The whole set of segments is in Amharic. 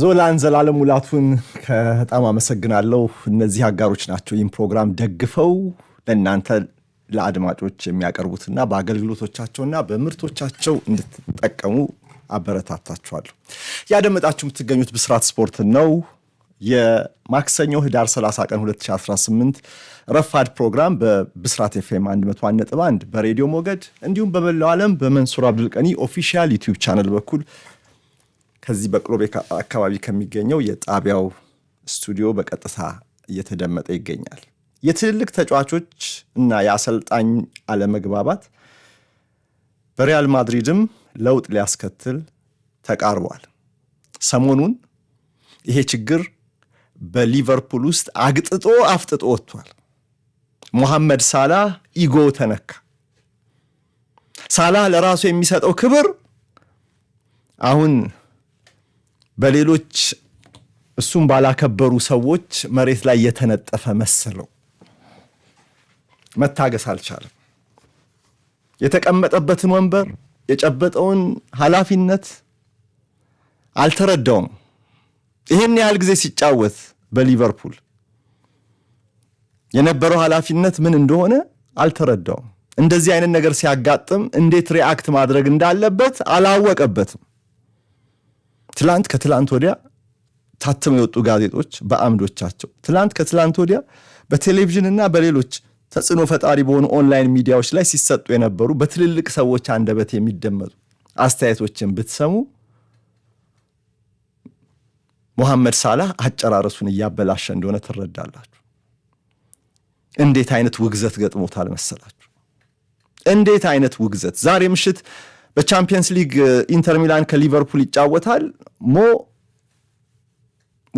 ዞላን ዘላለም ሙላቱን በጣም አመሰግናለሁ። እነዚህ አጋሮች ናቸው ይህም ፕሮግራም ደግፈው ለእናንተ ለአድማጮች የሚያቀርቡትና በአገልግሎቶቻቸውና በምርቶቻቸው እንድትጠቀሙ አበረታታችኋለሁ። ያደመጣችሁ የምትገኙት ብስራት ስፖርት ነው። የማክሰኞ ህዳር 30 ቀን 2018 ረፋድ ፕሮግራም በብስራት ኤፍኤም 101.1 በሬዲዮ ሞገድ እንዲሁም በመላው ዓለም በመንሱር አብዱልቀኒ ኦፊሻል ዩቲዩብ ቻነል በኩል ከዚህ በቅሎቤ አካባቢ ከሚገኘው የጣቢያው ስቱዲዮ በቀጥታ እየተደመጠ ይገኛል። የትልልቅ ተጫዋቾች እና የአሰልጣኝ አለመግባባት በሪያል ማድሪድም ለውጥ ሊያስከትል ተቃርቧል። ሰሞኑን ይሄ ችግር በሊቨርፑል ውስጥ አግጥጦ አፍጥጦ ወጥቷል። ሞሐመድ ሳላህ ኢጎ ተነካ። ሳላህ ለራሱ የሚሰጠው ክብር አሁን በሌሎች እሱም ባላከበሩ ሰዎች መሬት ላይ የተነጠፈ መሰለው። መታገስ አልቻለም። የተቀመጠበትን ወንበር የጨበጠውን ኃላፊነት አልተረዳውም። ይህን ያህል ጊዜ ሲጫወት በሊቨርፑል የነበረው ኃላፊነት ምን እንደሆነ አልተረዳውም። እንደዚህ አይነት ነገር ሲያጋጥም እንዴት ሪአክት ማድረግ እንዳለበት አላወቀበትም። ትላንት ከትላንት ወዲያ ታትመው የወጡ ጋዜጦች በአምዶቻቸው ትላንት ከትላንት ወዲያ በቴሌቪዥንና በሌሎች ተጽዕኖ ፈጣሪ በሆኑ ኦንላይን ሚዲያዎች ላይ ሲሰጡ የነበሩ በትልልቅ ሰዎች አንደበት የሚደመጡ አስተያየቶችን ብትሰሙ ሞሐመድ ሳላህ አጨራረሱን እያበላሸ እንደሆነ ትረዳላችሁ። እንዴት አይነት ውግዘት ገጥሞታል መሰላችሁ? እንዴት አይነት ውግዘት ዛሬ ምሽት በቻምፒየንስ ሊግ ኢንተር ሚላን ከሊቨርፑል ይጫወታል። ሞ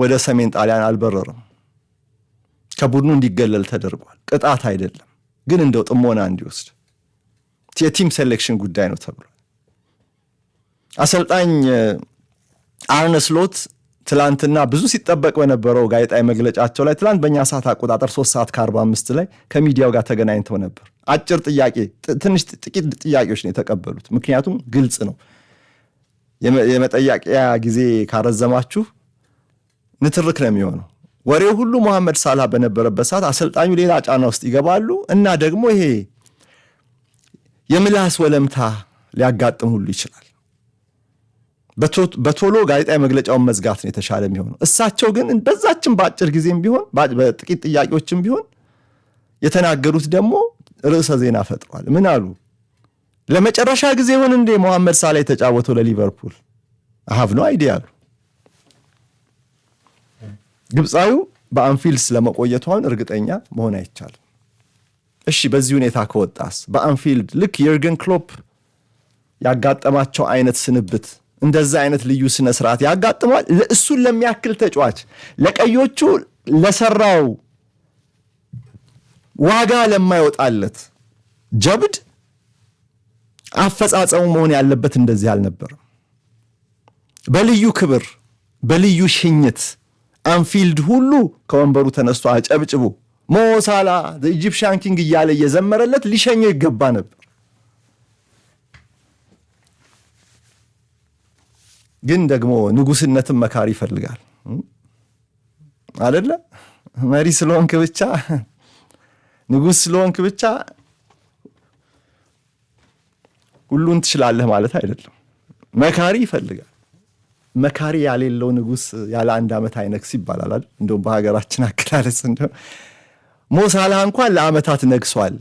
ወደ ሰሜን ጣሊያን አልበረርም። ከቡድኑ እንዲገለል ተደርጓል። ቅጣት አይደለም ግን እንደው ጥሞና እንዲወስድ የቲም ሴሌክሽን ጉዳይ ነው ተብሏል። አሰልጣኝ አርነ ስሎት ትላንትና ብዙ ሲጠበቅ በነበረው ጋዜጣዊ መግለጫቸው ላይ ትላንት በእኛ ሰዓት አቆጣጠር ሶስት ሰዓት ከአርባ አምስት ላይ ከሚዲያው ጋር ተገናኝተው ነበር። አጭር ጥያቄ ትንሽ ጥቂት ጥያቄዎች ነው የተቀበሉት። ምክንያቱም ግልጽ ነው። የመጠያቂያ ጊዜ ካረዘማችሁ ንትርክ ነው የሚሆነው። ወሬው ሁሉ መሐመድ ሳላ በነበረበት ሰዓት አሰልጣኙ ሌላ ጫና ውስጥ ይገባሉ እና ደግሞ ይሄ የምላስ ወለምታ ሊያጋጥም ሁሉ ይችላል። በቶሎ ጋዜጣዊ መግለጫውን መዝጋት ነው የተሻለ የሚሆነው። እሳቸው ግን በዛችን በአጭር ጊዜም ቢሆን በጥቂት ጥያቄዎችም ቢሆን የተናገሩት ደግሞ ርዕሰ ዜና ፈጥሯል። ምን አሉ? ለመጨረሻ ጊዜ ይሆን እንዴ መሐመድ ሳላ የተጫወተው ለሊቨርፑል? አሀፍ ነው አይዲያ አሉ። ግብፃዊው በአንፊልድ ስለመቆየቷን እርግጠኛ መሆን አይቻልም። እሺ በዚህ ሁኔታ ከወጣስ በአንፊልድ ልክ የርገን ክሎፕ ያጋጠማቸው አይነት ስንብት እንደዛ አይነት ልዩ ስነ ስርዓት ያጋጥመዋል። እሱን ለሚያክል ተጫዋች ለቀዮቹ ለሰራው ዋጋ ለማይወጣለት ጀብድ አፈጻጸሙ መሆን ያለበት እንደዚህ አልነበርም። በልዩ ክብር በልዩ ሽኝት አንፊልድ ሁሉ ከወንበሩ ተነስቶ አጨብጭቡ ሞሳላ ኢጂፕሽያን ኪንግ እያለ እየዘመረለት ሊሸኘው ይገባ ነበር። ግን ደግሞ ንጉስነትን መካር ይፈልጋል አደለ? መሪ ስለሆንክ ብቻ ንጉስ ስለሆንክ ብቻ ሁሉን ትችላለህ ማለት አይደለም። መካሪ ይፈልጋል። መካሪ ያሌለው ንጉስ ያለ አንድ ዓመት አይነግስ ይባላል እንደውም በሀገራችን አገላለጽ እንደውም ሞሳላ እንኳን ለአመታት ነግሷል፣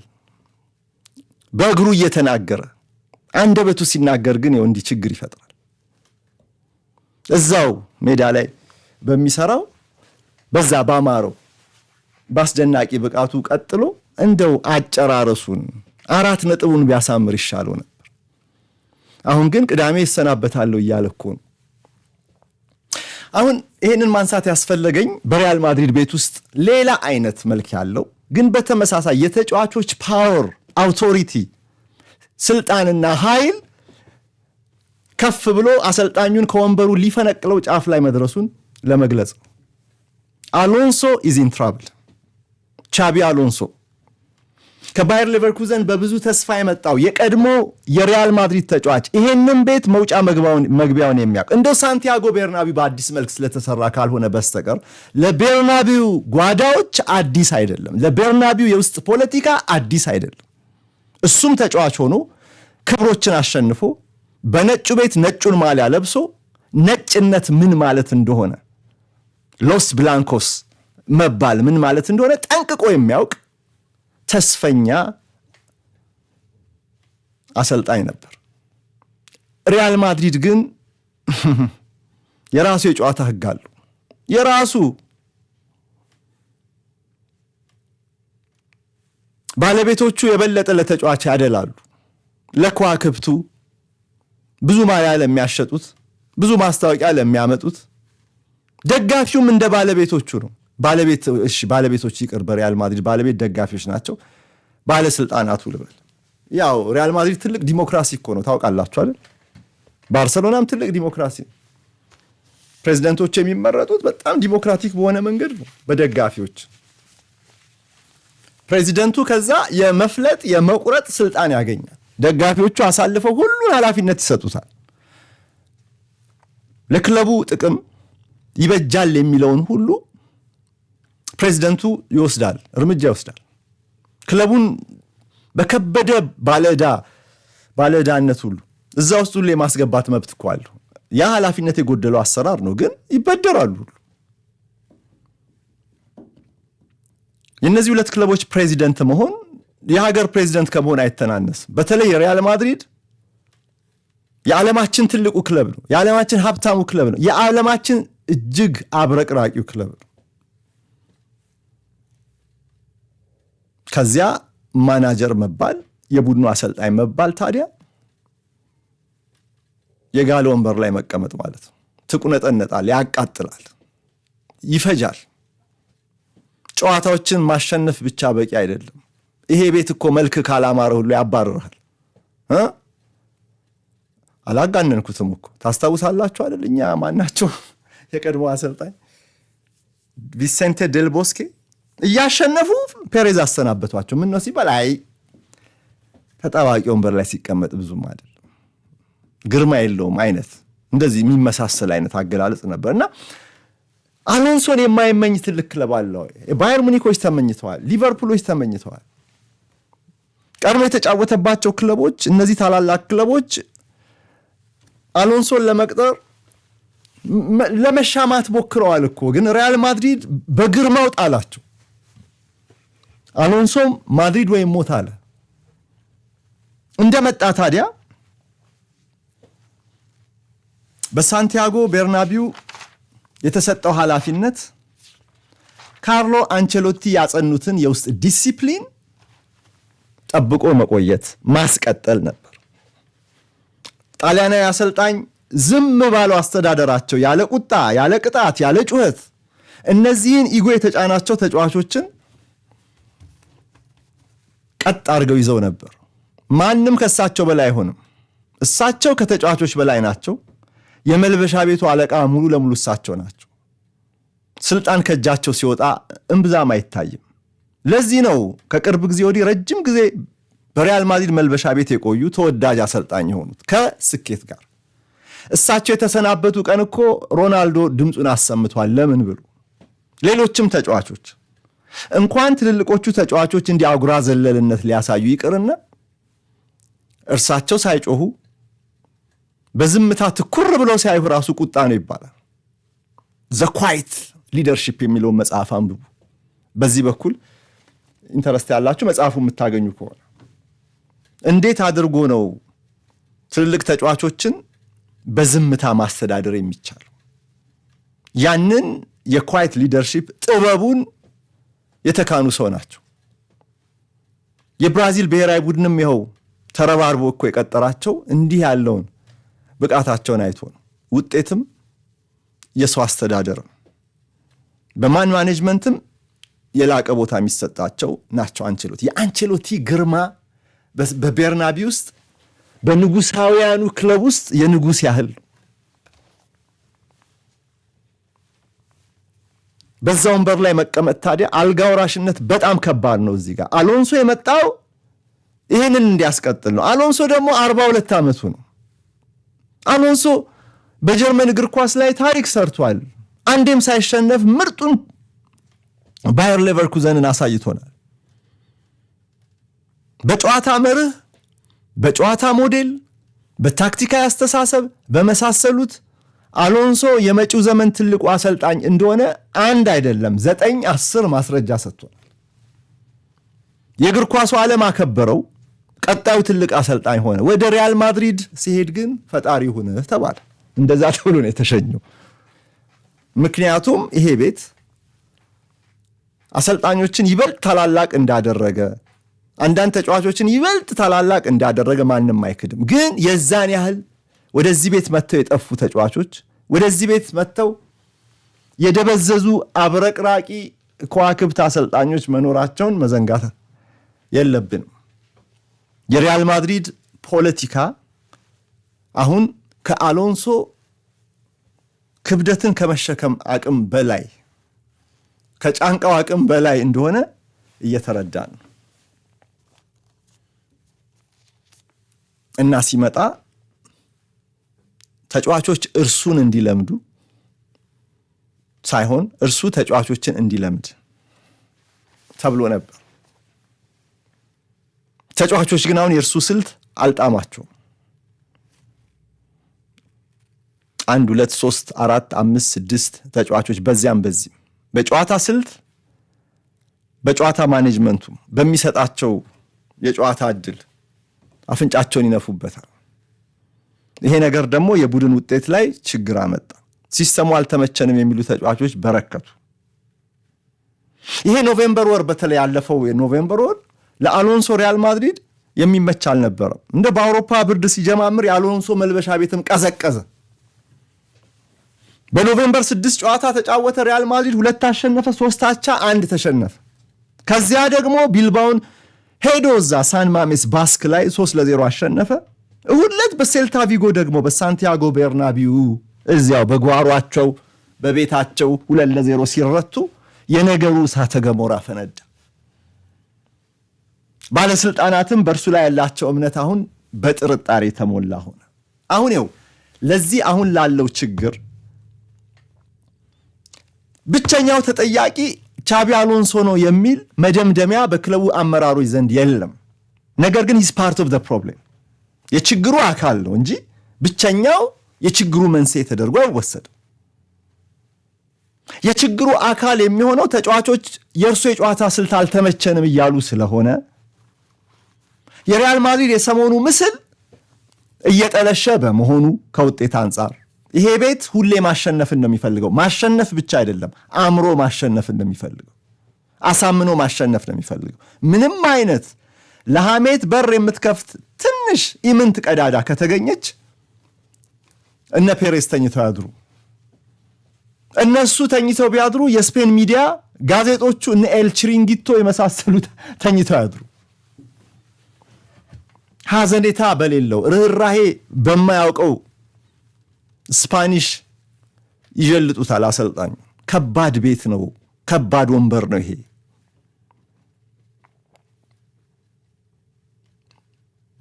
በእግሩ እየተናገረ አንደበቱ ሲናገር ግን የው እንዲህ ችግር ይፈጥራል። እዛው ሜዳ ላይ በሚሰራው በዛ ባማረው በአስደናቂ ብቃቱ ቀጥሎ እንደው አጨራረሱን አራት ነጥቡን ቢያሳምር ይሻለው ነበር። አሁን ግን ቅዳሜ ይሰናበታለሁ እያለ እኮ ነው። አሁን ይህንን ማንሳት ያስፈለገኝ በሪያል ማድሪድ ቤት ውስጥ ሌላ አይነት መልክ ያለው ግን በተመሳሳይ የተጫዋቾች ፓወር አውቶሪቲ ስልጣንና ኃይል ከፍ ብሎ አሰልጣኙን ከወንበሩ ሊፈነቅለው ጫፍ ላይ መድረሱን ለመግለጽ አሎንሶ ኢዝ ኢን ትራብል ቻቢ አሎንሶ ከባየር ሌቨርኩዘን በብዙ ተስፋ የመጣው የቀድሞ የሪያል ማድሪድ ተጫዋች ይሄንን ቤት መውጫ መግቢያውን የሚያውቅ እንደው ሳንቲያጎ ቤርናቢው በአዲስ መልክ ስለተሰራ ካልሆነ በስተቀር ለቤርናቢው ጓዳዎች አዲስ አይደለም፣ ለቤርናቢው የውስጥ ፖለቲካ አዲስ አይደለም። እሱም ተጫዋች ሆኖ ክብሮችን አሸንፎ በነጩ ቤት ነጩን ማሊያ ለብሶ ነጭነት ምን ማለት እንደሆነ ሎስ ብላንኮስ መባል ምን ማለት እንደሆነ ጠንቅቆ የሚያውቅ ተስፈኛ አሰልጣኝ ነበር። ሪያል ማድሪድ ግን የራሱ የጨዋታ ህግ አለው የራሱ ባለቤቶቹ የበለጠ ለተጫዋች ያደላሉ። ለከዋክብቱ ብዙ ማሊያ ለሚያሸጡት፣ ብዙ ማስታወቂያ ለሚያመጡት፣ ደጋፊውም እንደ ባለቤቶቹ ነው። ባለቤት ባለቤቶች ይቅር፣ በሪያል ማድሪድ ባለቤት ደጋፊዎች ናቸው ባለስልጣናቱ ልበል። ያው ሪያል ማድሪድ ትልቅ ዲሞክራሲ እኮ ነው ታውቃላችሁ አይደል? ባርሰሎናም ትልቅ ዲሞክራሲ ነው። ፕሬዚደንቶች የሚመረጡት በጣም ዲሞክራቲክ በሆነ መንገድ ነው በደጋፊዎች። ፕሬዚደንቱ ከዛ የመፍለጥ የመቁረጥ ስልጣን ያገኛል። ደጋፊዎቹ አሳልፈው ሁሉን ኃላፊነት ይሰጡታል። ለክለቡ ጥቅም ይበጃል የሚለውን ሁሉ ፕሬዚደንቱ ይወስዳል፣ እርምጃ ይወስዳል። ክለቡን በከበደ ባለዳ ባለዳነት ሁሉ እዛ ውስጥ ሁሉ የማስገባት መብት እኮ ያ ኃላፊነት የጎደለው አሰራር ነው፣ ግን ይበደራሉ ሁሉ የእነዚህ ሁለት ክለቦች ፕሬዚደንት መሆን የሀገር ፕሬዚደንት ከመሆን አይተናነስም። በተለይ ሪያል ማድሪድ የዓለማችን ትልቁ ክለብ ነው። የዓለማችን ሀብታሙ ክለብ ነው። የዓለማችን እጅግ አብረቅራቂው ክለብ ነው። ከዚያ ማናጀር መባል የቡድኑ አሰልጣኝ መባል ታዲያ የጋለ ወንበር ላይ መቀመጥ ማለት ነው። ትቁነጠነጣል፣ ያቃጥላል፣ ይፈጃል። ጨዋታዎችን ማሸነፍ ብቻ በቂ አይደለም። ይሄ ቤት እኮ መልክ ካላማረ ሁሉ ያባርርሃል። አላጋነንኩትም እኮ ታስታውሳላችሁ አይደል? እኛ ማናቸው የቀድሞ አሰልጣኝ ቪሴንቴ ዴል ቦስኬ እያሸነፉ ፔሬዝ አሰናበቷቸው። ምን ነው ሲባል አይ ተጠባቂ ወንበር ላይ ሲቀመጥ ብዙም አይደል ግርማ የለውም አይነት እንደዚህ የሚመሳሰል አይነት አገላለጽ ነበር እና አሎንሶን የማይመኝ ትልቅ ክለብ አለ ባየር ሙኒኮች ተመኝተዋል፣ ሊቨርፑሎች ተመኝተዋል። ቀድሞ የተጫወተባቸው ክለቦች እነዚህ ታላላቅ ክለቦች አሎንሶን ለመቅጠር ለመሻማት ሞክረዋል እኮ ግን ሪያል ማድሪድ በግርማው ጣላቸው። አሎንሶ ማድሪድ ወይም ሞት አለ። እንደመጣ ታዲያ በሳንቲያጎ ቤርናቢው የተሰጠው ኃላፊነት ካርሎ አንቸሎቲ ያጸኑትን የውስጥ ዲሲፕሊን ጠብቆ መቆየት ማስቀጠል ነበር። ጣሊያናዊ አሰልጣኝ ዝም ባለው አስተዳደራቸው ያለ ቁጣ፣ ያለ ቅጣት፣ ያለ ጩኸት እነዚህን ኢጎ የተጫናቸው ተጫዋቾችን ቀጥ አድርገው ይዘው ነበር። ማንም ከእሳቸው በላይ አይሆንም። እሳቸው ከተጫዋቾች በላይ ናቸው። የመልበሻ ቤቱ አለቃ ሙሉ ለሙሉ እሳቸው ናቸው። ስልጣን ከእጃቸው ሲወጣ እምብዛም አይታይም። ለዚህ ነው ከቅርብ ጊዜ ወዲህ ረጅም ጊዜ በሪያል ማድሪድ መልበሻ ቤት የቆዩ ተወዳጅ አሰልጣኝ የሆኑት ከስኬት ጋር። እሳቸው የተሰናበቱ ቀን እኮ ሮናልዶ ድምፁን አሰምቷል። ለምን ብሎ ሌሎችም ተጫዋቾች እንኳን ትልልቆቹ ተጫዋቾች እንዲህ አጉራ ዘለልነት ሊያሳዩ ይቅርና እርሳቸው ሳይጮሁ በዝምታ ትኩር ብለው ሲያዩ ራሱ ቁጣ ነው ይባላል። ዘኳይት ሊደርሽፕ የሚለውን መጽሐፍ አንብቡ። በዚህ በኩል ኢንተረስት ያላችሁ መጽሐፉ የምታገኙ ከሆነ እንዴት አድርጎ ነው ትልልቅ ተጫዋቾችን በዝምታ ማስተዳደር የሚቻለው? ያንን የኳይት ሊደርሺፕ ጥበቡን የተካኑ ሰው ናቸው። የብራዚል ብሔራዊ ቡድንም ይኸው ተረባርቦ እኮ የቀጠራቸው እንዲህ ያለውን ብቃታቸውን አይቶ ነው። ውጤትም የሰው ነው። በማን ማኔጅመንትም የላቀ ቦታ የሚሰጣቸው ናቸው። አንቸሎቲ የአንቸሎቲ ግርማ በቤርናቢ ውስጥ በንጉሳውያኑ ክለብ ውስጥ የንጉስ ያህል ነው። በዛ ወንበር ላይ መቀመጥ ታዲያ አልጋ ወራሽነት በጣም ከባድ ነው። እዚህ ጋር አሎንሶ የመጣው ይህንን እንዲያስቀጥል ነው። አሎንሶ ደግሞ አርባ ሁለት ዓመቱ ነው። አሎንሶ በጀርመን እግር ኳስ ላይ ታሪክ ሰርቷል። አንዴም ሳይሸነፍ ምርጡን ባየር ሌቨርኩዘንን አሳይቶናል። በጨዋታ መርህ፣ በጨዋታ ሞዴል፣ በታክቲካዊ አስተሳሰብ በመሳሰሉት አሎንሶ የመጪው ዘመን ትልቁ አሰልጣኝ እንደሆነ አንድ አይደለም ዘጠኝ አስር ማስረጃ ሰጥቷል። የእግር ኳሱ ዓለም አከበረው። ቀጣዩ ትልቅ አሰልጣኝ ሆነ። ወደ ሪያል ማድሪድ ሲሄድ ግን ፈጣሪ ሁንህ ተባለ። እንደዛ ተብሎ ነው የተሸኘው። ምክንያቱም ይሄ ቤት አሰልጣኞችን ይበልጥ ታላላቅ እንዳደረገ፣ አንዳንድ ተጫዋቾችን ይበልጥ ታላላቅ እንዳደረገ ማንም አይክድም። ግን የዛን ያህል ወደዚህ ቤት መጥተው የጠፉ ተጫዋቾች ወደዚህ ቤት መጥተው የደበዘዙ አብረቅራቂ ከዋክብት አሰልጣኞች መኖራቸውን መዘንጋት የለብንም። የሪያል ማድሪድ ፖለቲካ አሁን ከአሎንሶ ክብደትን ከመሸከም አቅም በላይ ከጫንቃው አቅም በላይ እንደሆነ እየተረዳ ነው እና ሲመጣ ተጫዋቾች እርሱን እንዲለምዱ ሳይሆን እርሱ ተጫዋቾችን እንዲለምድ ተብሎ ነበር። ተጫዋቾች ግን አሁን የእርሱ ስልት አልጣማቸውም። አንድ ሁለት ሶስት አራት አምስት ስድስት ተጫዋቾች በዚያም በዚህም በጨዋታ ስልት በጨዋታ ማኔጅመንቱ በሚሰጣቸው የጨዋታ እድል አፍንጫቸውን ይነፉበታል። ይሄ ነገር ደግሞ የቡድን ውጤት ላይ ችግር አመጣ። ሲስተሙ አልተመቸንም የሚሉ ተጫዋቾች በረከቱ። ይሄ ኖቬምበር ወር በተለይ ያለፈው የኖቬምበር ወር ለአሎንሶ ሪያል ማድሪድ የሚመች አልነበረም። እንደ በአውሮፓ ብርድ ሲጀማምር የአሎንሶ መልበሻ ቤትም ቀዘቀዘ። በኖቬምበር ስድስት ጨዋታ ተጫወተ። ሪያል ማድሪድ ሁለት አሸነፈ፣ ሶስት አቻ፣ አንድ ተሸነፈ። ከዚያ ደግሞ ቢልባውን ሄዶ እዛ ሳን ማሜስ ባስክ ላይ ሶስት ለዜሮ አሸነፈ። እሁድ ዕለት በሴልታ ቪጎ ደግሞ በሳንቲያጎ ቤርናቢዩ እዚያው በጓሯቸው በቤታቸው ሁለት ለዜሮ ሲረቱ የነገሩ እሳተ ገሞራ ፈነዳ። ባለስልጣናትም በእርሱ ላይ ያላቸው እምነት አሁን በጥርጣሬ የተሞላ ሆነ። አሁን ይኸው ለዚህ አሁን ላለው ችግር ብቸኛው ተጠያቂ ቻቢ አሎንሶ ነው የሚል መደምደሚያ በክለቡ አመራሮች ዘንድ የለም። ነገር ግን ሂዝ ፓርት ኦፍ ዘ ፕሮብሌም የችግሩ አካል ነው እንጂ ብቸኛው የችግሩ መንስኤ ተደርጎ አይወሰድም። የችግሩ አካል የሚሆነው ተጫዋቾች የእርሶ የጨዋታ ስልት አልተመቸንም እያሉ ስለሆነ የሪያል ማድሪድ የሰሞኑ ምስል እየጠለሸ በመሆኑ ከውጤት አንጻር ይሄ ቤት ሁሌ ማሸነፍ እንደሚፈልገው ማሸነፍ ብቻ አይደለም፣ አእምሮ ማሸነፍ እንደሚፈልገው አሳምኖ ማሸነፍ ነው የሚፈልገው። ምንም አይነት ለሐሜት በር የምትከፍት ትንሽ ኢምንት ቀዳዳ ከተገኘች እነ ፔሬስ ተኝተው ያድሩ። እነሱ ተኝተው ቢያድሩ የስፔን ሚዲያ ጋዜጦቹ እነ ኤል ቺሪንጊቶ የመሳሰሉት ተኝተው ያድሩ። ሐዘኔታ በሌለው ርኅራሄ በማያውቀው ስፓኒሽ ይጀልጡታል አሰልጣኝ ከባድ ቤት ነው፣ ከባድ ወንበር ነው ይሄ።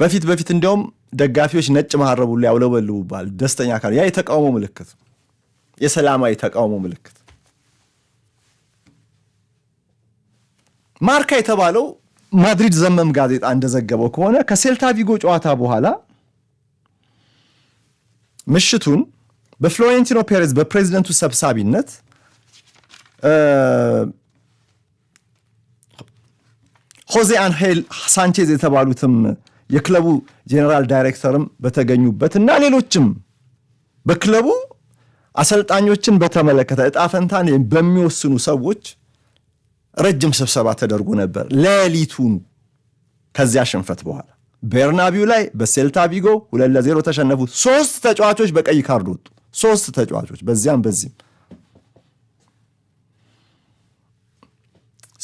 በፊት በፊት እንዲያውም ደጋፊዎች ነጭ መሀረቡ ላይ ያውለበልቡባል። ደስተኛ ካሉ ያ የተቃውሞ ምልክት፣ የሰላማዊ ተቃውሞ ምልክት። ማርካ የተባለው ማድሪድ ዘመም ጋዜጣ እንደዘገበው ከሆነ ከሴልታ ቪጎ ጨዋታ በኋላ ምሽቱን በፍሎሬንቲኖ ፔሬዝ በፕሬዚደንቱ ሰብሳቢነት ሆዜ አንሄል ሳንቼዝ የተባሉትም የክለቡ ጄኔራል ዳይሬክተርም በተገኙበት እና ሌሎችም በክለቡ አሰልጣኞችን በተመለከተ እጣ ፈንታን በሚወስኑ ሰዎች ረጅም ስብሰባ ተደርጎ ነበር። ሌሊቱን ከዚያ ሽንፈት በኋላ በርናቢው ላይ በሴልታ ቪጎ ሁለት ለዜሮ ተሸነፉ። ሶስት ተጫዋቾች በቀይ ካርድ ወጡ። ሶስት ተጫዋቾች በዚያም በዚህም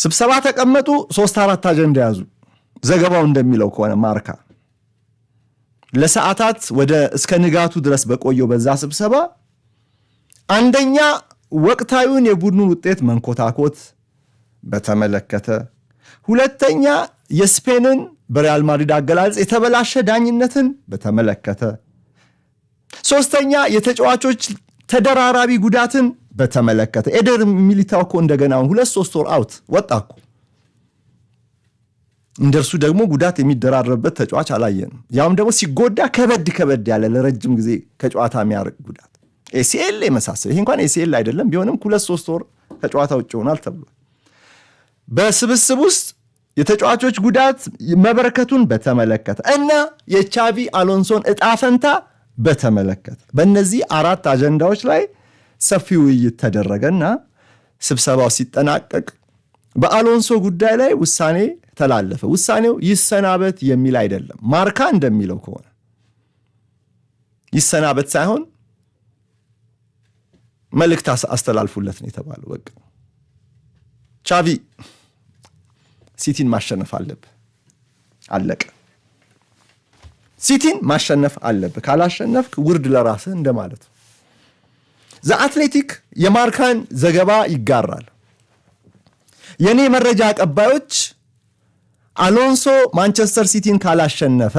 ስብሰባ ተቀመጡ። ሶስት አራት አጀንዳ ያዙ። ዘገባው እንደሚለው ከሆነ ማርካ ለሰዓታት ወደ እስከ ንጋቱ ድረስ በቆየው በዛ ስብሰባ አንደኛ ወቅታዊውን የቡድኑን ውጤት መንኮታኮት በተመለከተ፣ ሁለተኛ የስፔንን በሪያል ማድሪድ አገላለጽ የተበላሸ ዳኝነትን በተመለከተ፣ ሶስተኛ የተጫዋቾች ተደራራቢ ጉዳትን በተመለከተ ኤደር ሚሊታው እኮ እንደገና ሁለት ሶስት ወር አውት ወጣ እኮ እንደርሱ ደግሞ ጉዳት የሚደራረብበት ተጫዋች አላየንም። ያውም ደግሞ ሲጎዳ ከበድ ከበድ ያለ ለረጅም ጊዜ ከጨዋታ የሚያርቅ ጉዳት ኤሲኤል የመሳሰል ይህ እንኳን ኤሲኤል አይደለም ቢሆንም ሁለት ሶስት ወር ከጨዋታ ውጭ ይሆናል ተብሏል። በስብስብ ውስጥ የተጫዋቾች ጉዳት መበረከቱን በተመለከተ እና የቻቪ አሎንሶን እጣ ፈንታ በተመለከተ በእነዚህ አራት አጀንዳዎች ላይ ሰፊ ውይይት ተደረገና ስብሰባው ሲጠናቀቅ በአሎንሶ ጉዳይ ላይ ውሳኔ ተላለፈ። ውሳኔው ይሰናበት የሚል አይደለም። ማርካ እንደሚለው ከሆነ ይሰናበት ሳይሆን መልእክት አስተላልፉለት ነው የተባለው። በቃ ቻቪ ሲቲን ማሸነፍ አለብህ፣ አለቀ። ሲቲን ማሸነፍ አለብህ፣ ካላሸነፍክ ውርድ ለራስህ እንደማለት ነው። ዘ አትሌቲክ የማርካን ዘገባ ይጋራል። የእኔ መረጃ አቀባዮች አሎንሶ ማንቸስተር ሲቲን ካላሸነፈ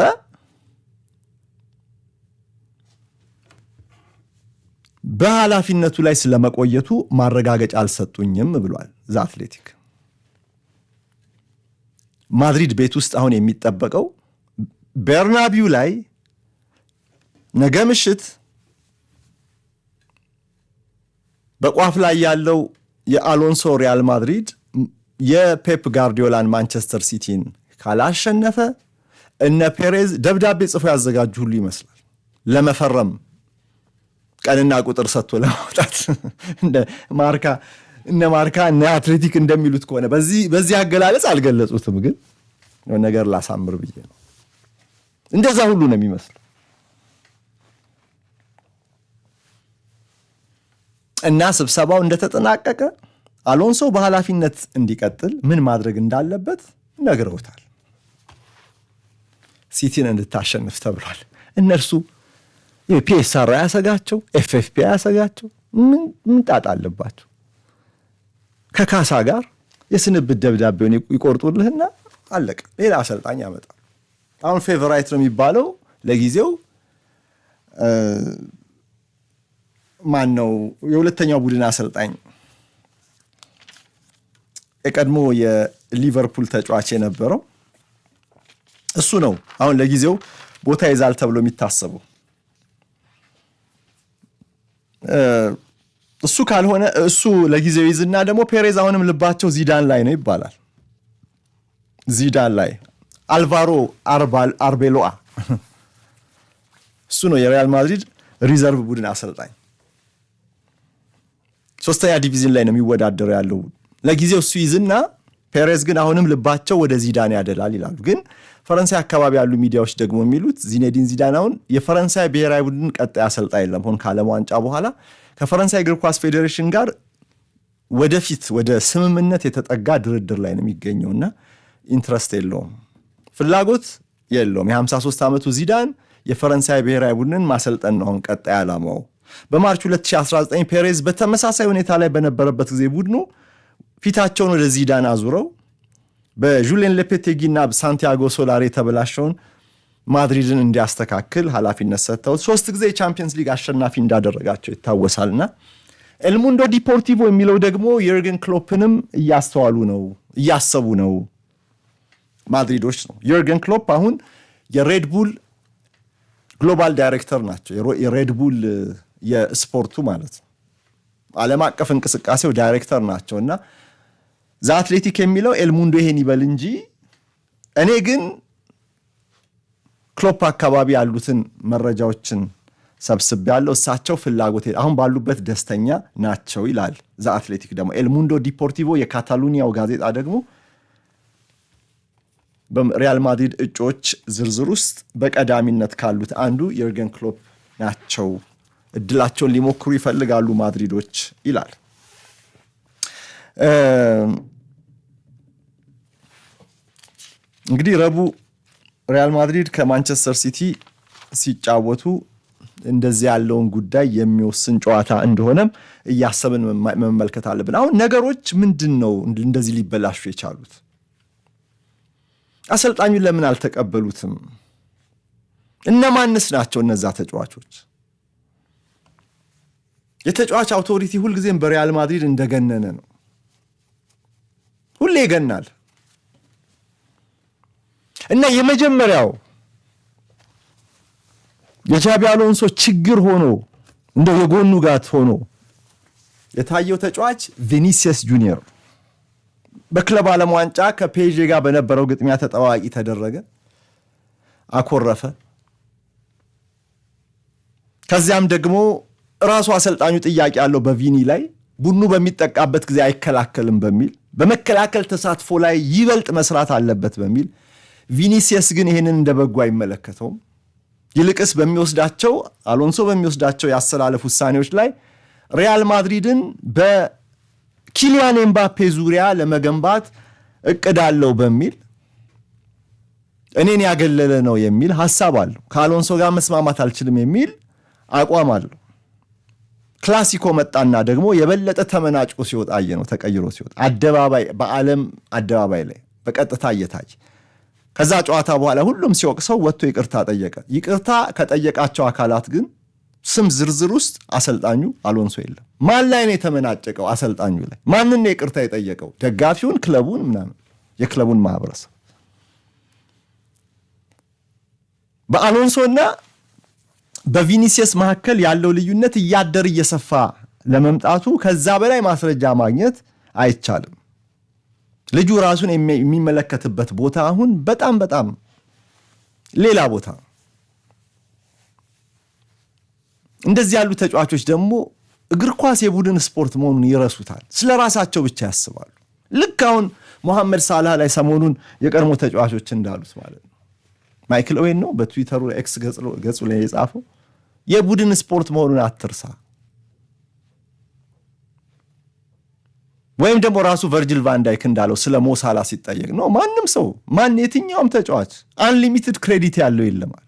በኃላፊነቱ ላይ ስለመቆየቱ ማረጋገጫ አልሰጡኝም ብሏል ዛ አትሌቲክ። ማድሪድ ቤት ውስጥ አሁን የሚጠበቀው በርናቢው ላይ ነገ ምሽት በቋፍ ላይ ያለው የአሎንሶ ሪያል ማድሪድ የፔፕ ጋርዲዮላን ማንቸስተር ሲቲን ካላሸነፈ እነ ፔሬዝ ደብዳቤ ጽፎ ያዘጋጁ ሁሉ ይመስላል ለመፈረም ቀንና ቁጥር ሰጥቶ ለማውጣት እንደ ማርካ እነ ማርካ እነ አትሌቲክ እንደሚሉት ከሆነ በዚህ አገላለጽ አልገለጹትም፣ ግን ነገር ላሳምር ብዬ ነው። እንደዛ ሁሉ ነው የሚመስለው እና ስብሰባው እንደተጠናቀቀ አሎንሶ በኃላፊነት እንዲቀጥል ምን ማድረግ እንዳለበት ነግረውታል። ሲቲን እንድታሸንፍ ተብሏል። እነርሱ ፒኤስአር አያሰጋቸው፣ ኤፍኤፍፒ አያሰጋቸው። ምን ጣጣ አለባቸው? ከካሳ ጋር የስንብት ደብዳቤውን ይቆርጡልህና አለቀ። ሌላ አሰልጣኝ ያመጣል አሁን ፌቨራይት ነው የሚባለው ለጊዜው ማን ነው? የሁለተኛው ቡድን አሰልጣኝ የቀድሞ የሊቨርፑል ተጫዋች የነበረው እሱ ነው። አሁን ለጊዜው ቦታ ይዛል ተብሎ የሚታሰበው እሱ ካልሆነ እሱ ለጊዜው ይዝና ደግሞ ፔሬዝ አሁንም ልባቸው ዚዳን ላይ ነው ይባላል። ዚዳን ላይ አልቫሮ አርቤሎአ እሱ ነው የሪያል ማድሪድ ሪዘርቭ ቡድን አሰልጣኝ። ሶስተኛ ዲቪዥን ላይ ነው የሚወዳደረው ያለው ቡድን ለጊዜው እሱ ይዝና ፔሬዝ ግን አሁንም ልባቸው ወደ ዚዳን ያደላል ይላሉ። ግን ፈረንሳይ አካባቢ ያሉ ሚዲያዎች ደግሞ የሚሉት ዚኔዲን ዚዳን አሁን የፈረንሳይ ብሔራዊ ቡድን ቀጣይ አሰልጣኝ ለመሆን ከዓለም ዋንጫ በኋላ ከፈረንሳይ እግር ኳስ ፌዴሬሽን ጋር ወደፊት ወደ ስምምነት የተጠጋ ድርድር ላይ ነው የሚገኘውና ኢንትረስት የለውም፣ ፍላጎት የለውም። የ53 ዓመቱ ዚዳን የፈረንሳይ ብሔራዊ ቡድንን ማሰልጠን ነው ቀጣይ ዓላማው። በማርች 2019 ፔሬዝ በተመሳሳይ ሁኔታ ላይ በነበረበት ጊዜ ቡድኑ ፊታቸውን ወደ ዚዳን አዙረው በዡሌን ለፔቴጊና ሳንቲያጎ ሶላር የተበላሸውን ማድሪድን እንዲያስተካክል ኃላፊነት ሰጥተውት ሶስት ጊዜ የቻምፒየንስ ሊግ አሸናፊ እንዳደረጋቸው ይታወሳልና ኤልሙንዶ ዲፖርቲቮ የሚለው ደግሞ የርገን ክሎፕንም እያስተዋሉ ነው እያሰቡ ነው ማድሪዶች ነው። የርገን ክሎፕ አሁን የሬድቡል ግሎባል ዳይሬክተር ናቸው። የሬድቡል የስፖርቱ ማለት ነው ዓለም አቀፍ እንቅስቃሴው ዳይሬክተር ናቸው እና ዘአትሌቲክ የሚለው ኤልሙንዶ ይሄን ይበል እንጂ እኔ ግን ክሎፕ አካባቢ ያሉትን መረጃዎችን ሰብስብ ያለው እሳቸው ፍላጎት አሁን ባሉበት ደስተኛ ናቸው ይላል ዘአትሌቲክ። ደግሞ ኤልሙንዶ ዲፖርቲቮ የካታሉኒያው ጋዜጣ ደግሞ በሪያል ማድሪድ እጩዎች ዝርዝር ውስጥ በቀዳሚነት ካሉት አንዱ የርገን ክሎፕ ናቸው፣ እድላቸውን ሊሞክሩ ይፈልጋሉ ማድሪዶች ይላል። እንግዲህ ረቡ ሪያል ማድሪድ ከማንቸስተር ሲቲ ሲጫወቱ እንደዚህ ያለውን ጉዳይ የሚወስን ጨዋታ እንደሆነም እያሰብን መመልከት አለብን። አሁን ነገሮች ምንድን ነው እንደዚህ ሊበላሹ የቻሉት? አሰልጣኙን ለምን አልተቀበሉትም? እነማንስ ናቸው እነዛ ተጫዋቾች? የተጫዋች አውቶሪቲ ሁልጊዜም በሪያል ማድሪድ እንደገነነ ነው። ሁሌ ይገናል እና የመጀመሪያው የጃቢ አሎንሶ ችግር ሆኖ እንደ የጎኑ ጋት ሆኖ የታየው ተጫዋች ቬኒሲየስ ጁኒየር በክለብ ዓለም ዋንጫ ከፔዤ ጋር በነበረው ግጥሚያ ተጠዋዋቂ ተደረገ፣ አኮረፈ። ከዚያም ደግሞ ራሱ አሰልጣኙ ጥያቄ አለው በቪኒ ላይ ቡኑ በሚጠቃበት ጊዜ አይከላከልም በሚል በመከላከል ተሳትፎ ላይ ይበልጥ መስራት አለበት በሚል ቪኒሲየስ ግን ይህንን እንደ በጎ አይመለከተውም። ይልቅስ በሚወስዳቸው አሎንሶ በሚወስዳቸው የአሰላለፍ ውሳኔዎች ላይ ሪያል ማድሪድን በኪሊያን ኤምባፔ ዙሪያ ለመገንባት እቅድ አለው በሚል እኔን ያገለለ ነው የሚል ሀሳብ አለው። ከአሎንሶ ጋር መስማማት አልችልም የሚል አቋም አለው። ክላሲኮ መጣና ደግሞ የበለጠ ተመናጭቆ ሲወጣ አየ ነው ተቀይሮ ሲወጣ አደባባይ በዓለም አደባባይ ላይ በቀጥታ እየታየ ከዛ ጨዋታ በኋላ ሁሉም ሲወቅሰው ወጥቶ ይቅርታ ጠየቀ። ይቅርታ ከጠየቃቸው አካላት ግን ስም ዝርዝር ውስጥ አሰልጣኙ አሎንሶ የለም። ማን ላይ ነው የተመናጨቀው? አሰልጣኙ ላይ ማንን ነው ይቅርታ የጠየቀው? ደጋፊውን፣ ክለቡን፣ ምናምን የክለቡን ማህበረሰብ በአሎንሶና በቪኒሲየስ መካከል ያለው ልዩነት እያደር እየሰፋ ለመምጣቱ ከዛ በላይ ማስረጃ ማግኘት አይቻልም። ልጁ ራሱን የሚመለከትበት ቦታ አሁን በጣም በጣም ሌላ ቦታ። እንደዚህ ያሉ ተጫዋቾች ደግሞ እግር ኳስ የቡድን ስፖርት መሆኑን ይረሱታል። ስለ ራሳቸው ብቻ ያስባሉ። ልክ አሁን ሞሐመድ ሳላህ ላይ ሰሞኑን የቀድሞ ተጫዋቾች እንዳሉት ማለት ነው። ማይክል ኦዌን ነው በትዊተሩ ኤክስ ገጹ ላይ የጻፈው የቡድን ስፖርት መሆኑን አትርሳ። ወይም ደግሞ ራሱ ቨርጅል ቫንዳይክ እንዳለው ስለ ሞሳላ ሲጠየቅ ነው ማንም ሰው ማን የትኛውም ተጫዋች አንሊሚትድ ክሬዲት ያለው የለማል።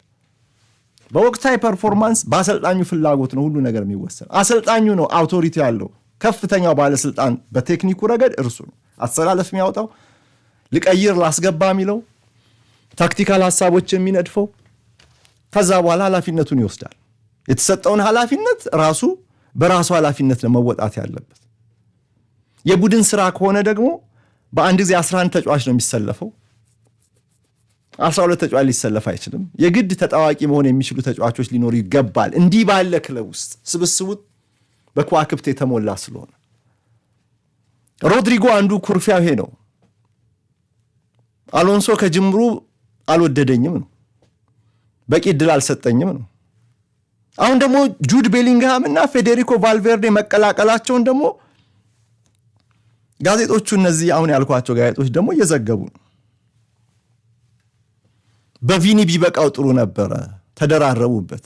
በወቅታዊ ፐርፎርማንስ በአሰልጣኙ ፍላጎት ነው ሁሉ ነገር የሚወሰን። አሰልጣኙ ነው አውቶሪቲ ያለው ከፍተኛው ባለስልጣን በቴክኒኩ ረገድ እርሱ ነው አሰላለፍ የሚያወጣው፣ ልቀይር ላስገባ የሚለው፣ ታክቲካል ሀሳቦች የሚነድፈው። ከዛ በኋላ ኃላፊነቱን ይወስዳል። የተሰጠውን ኃላፊነት ራሱ በራሱ ኃላፊነት ለመወጣት መወጣት ያለበት። የቡድን ስራ ከሆነ ደግሞ በአንድ ጊዜ 11 ተጫዋች ነው የሚሰለፈው። 12 ተጫዋች ሊሰለፍ አይችልም። የግድ ተጣዋቂ መሆን የሚችሉ ተጫዋቾች ሊኖሩ ይገባል። እንዲህ ባለ ክለብ ውስጥ ስብስቡ በከዋክብት የተሞላ ስለሆነ ሮድሪጎ አንዱ ኩርፊያ ይሄ ነው። አሎንሶ ከጅምሩ አልወደደኝም ነው። በቂ እድል አልሰጠኝም ነው። አሁን ደግሞ ጁድ ቤሊንግሃም እና ፌዴሪኮ ቫልቬርዴ መቀላቀላቸውን ደግሞ ጋዜጦቹ እነዚህ አሁን ያልኳቸው ጋዜጦች ደግሞ እየዘገቡ ነው። በቪኒ ቢበቃው ጥሩ ነበረ። ተደራረቡበት።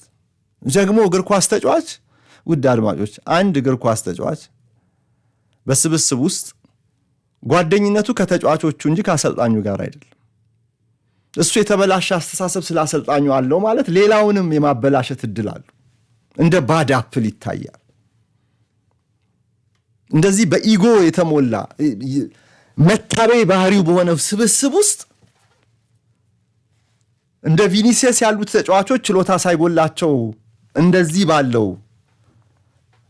ደግሞ እግር ኳስ ተጫዋች ውድ አድማጮች፣ አንድ እግር ኳስ ተጫዋች በስብስብ ውስጥ ጓደኝነቱ ከተጫዋቾቹ እንጂ ከአሰልጣኙ ጋር አይደለም። እሱ የተበላሸ አስተሳሰብ ስለ አሰልጣኙ አለው ማለት ሌላውንም የማበላሸት እድል አለው። እንደ ባድ አፕል ይታያል። እንደዚህ በኢጎ የተሞላ መታቤ ባህሪው በሆነው ስብስብ ውስጥ እንደ ቪኒሲየስ ያሉት ተጫዋቾች ችሎታ ሳይጎላቸው እንደዚህ ባለው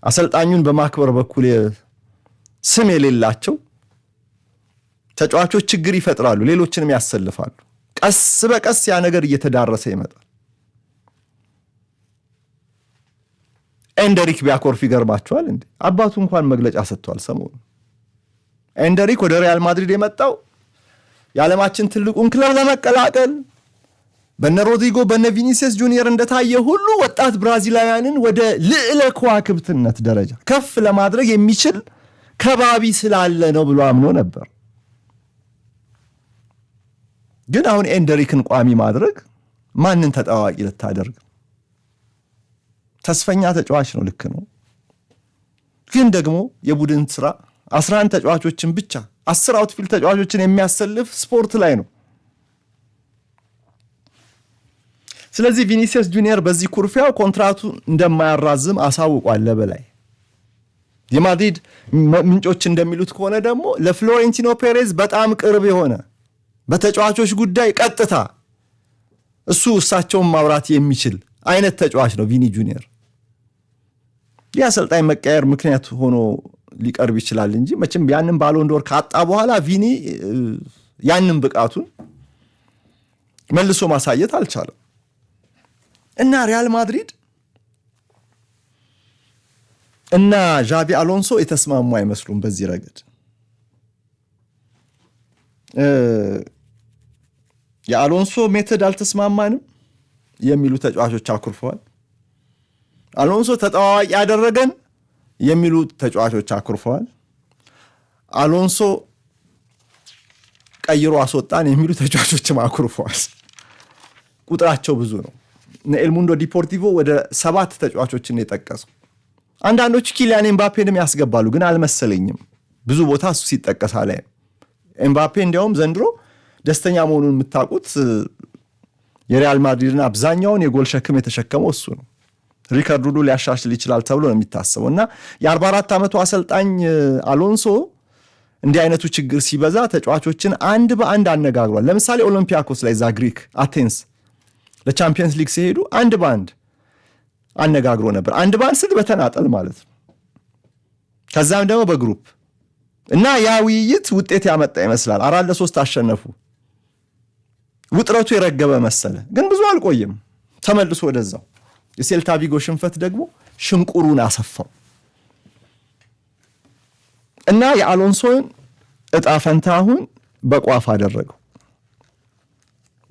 አሰልጣኙን በማክበር በኩል ስም የሌላቸው ተጫዋቾች ችግር ይፈጥራሉ፣ ሌሎችንም ያሰልፋሉ። ቀስ በቀስ ያ ነገር እየተዳረሰ ይመጣል። ኤንደሪክ ቢያኮርፍ ይገርማችኋል እንዴ! አባቱ እንኳን መግለጫ ሰጥቷል ሰሞኑ። ኤንደሪክ ወደ ሪያል ማድሪድ የመጣው የዓለማችን ትልቁን ክለብ ለመቀላቀል በነ ሮድሪጎ በነ ቪኒሲየስ ጁኒየር እንደታየ ሁሉ ወጣት ብራዚላውያንን ወደ ልዕለ ከዋክብትነት ደረጃ ከፍ ለማድረግ የሚችል ከባቢ ስላለ ነው ብሎ አምኖ ነበር። ግን አሁን ኤንደሪክን ቋሚ ማድረግ ማንን ተጠዋቂ ልታደርግ ተስፈኛ ተጫዋች ነው፣ ልክ ነው። ግን ደግሞ የቡድን ስራ 11 ተጫዋቾችን ብቻ አስር አውትፊልድ ተጫዋቾችን የሚያሰልፍ ስፖርት ላይ ነው። ስለዚህ ቪኒሲየስ ጁኒየር በዚህ ኩርፊያው ኮንትራቱ እንደማያራዝም አሳውቋል። ለበላይ የማድሪድ ምንጮች እንደሚሉት ከሆነ ደግሞ ለፍሎሬንቲኖ ፔሬዝ በጣም ቅርብ የሆነ በተጫዋቾች ጉዳይ ቀጥታ እሱ እሳቸውን ማውራት የሚችል አይነት ተጫዋች ነው ቪኒ ጁኒየር። የአሰልጣኝ መቀየር ምክንያት ሆኖ ሊቀርብ ይችላል እንጂ መቼም ያንን ባሎንዶር ካጣ በኋላ ቪኒ ያንን ብቃቱን መልሶ ማሳየት አልቻለም እና ሪያል ማድሪድ እና ዣቢ አሎንሶ የተስማሙ አይመስሉም በዚህ ረገድ። የአሎንሶ ሜተድ አልተስማማንም የሚሉ ተጫዋቾች አኩርፈዋል። አሎንሶ ተጠዋዋቂ ያደረገን የሚሉ ተጫዋቾች አኩርፈዋል። አሎንሶ ቀይሮ አስወጣን የሚሉ ተጫዋቾችም አኩርፈዋል። ቁጥራቸው ብዙ ነው። ኤልሙንዶ ዲፖርቲቮ ወደ ሰባት ተጫዋቾችን የጠቀሱ አንዳንዶቹ ኪሊያን ኤምባፔንም ያስገባሉ፣ ግን አልመሰለኝም። ብዙ ቦታ እሱ ሲጠቀስ አለ። ኤምባፔ እንዲያውም ዘንድሮ ደስተኛ መሆኑን የምታውቁት የሪያል ማድሪድን አብዛኛውን የጎል ሸክም የተሸከመው እሱ ነው። ሪከርድ ሊያሻሽል ይችላል ተብሎ ነው የሚታሰበው እና የ44 ዓመቱ አሰልጣኝ አሎንሶ እንዲህ አይነቱ ችግር ሲበዛ ተጫዋቾችን አንድ በአንድ አነጋግሯል። ለምሳሌ ኦሎምፒያኮስ ላይ ዛግሪክ አቴንስ ለቻምፒየንስ ሊግ ሲሄዱ አንድ በአንድ አነጋግሮ ነበር። አንድ በአንድ ስል በተናጠል ማለት ነው። ከዛም ደግሞ በግሩፕ እና ያ ውይይት ውጤት ያመጣ ይመስላል። አራት ለሶስት አሸነፉ። ውጥረቱ የረገበ መሰለ፣ ግን ብዙ አልቆየም። ተመልሶ ወደዛው የሴልታ ቪጎ ሽንፈት ደግሞ ሽንቁሩን አሰፋው እና የአሎንሶን እጣ ፈንታ አሁን በቋፍ አደረገው።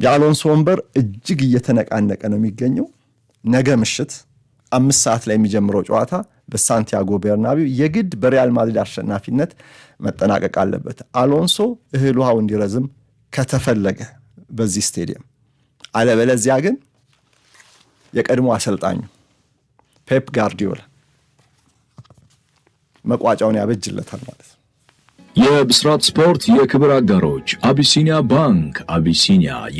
የአሎንሶ ወንበር እጅግ እየተነቃነቀ ነው የሚገኘው። ነገ ምሽት አምስት ሰዓት ላይ የሚጀምረው ጨዋታ በሳንቲያጎ ቤርናቢው የግድ በሪያል ማድሪድ አሸናፊነት መጠናቀቅ አለበት። አሎንሶ እህል ውሃው እንዲረዝም ከተፈለገ በዚህ ስቴዲየም፣ አለበለዚያ ግን የቀድሞ አሰልጣኙ ፔፕ ጋርዲዮላ መቋጫውን ያበጅለታል ማለት ነው። የብስራት ስፖርት የክብር አጋሮች አቢሲኒያ ባንክ አቢሲኒያ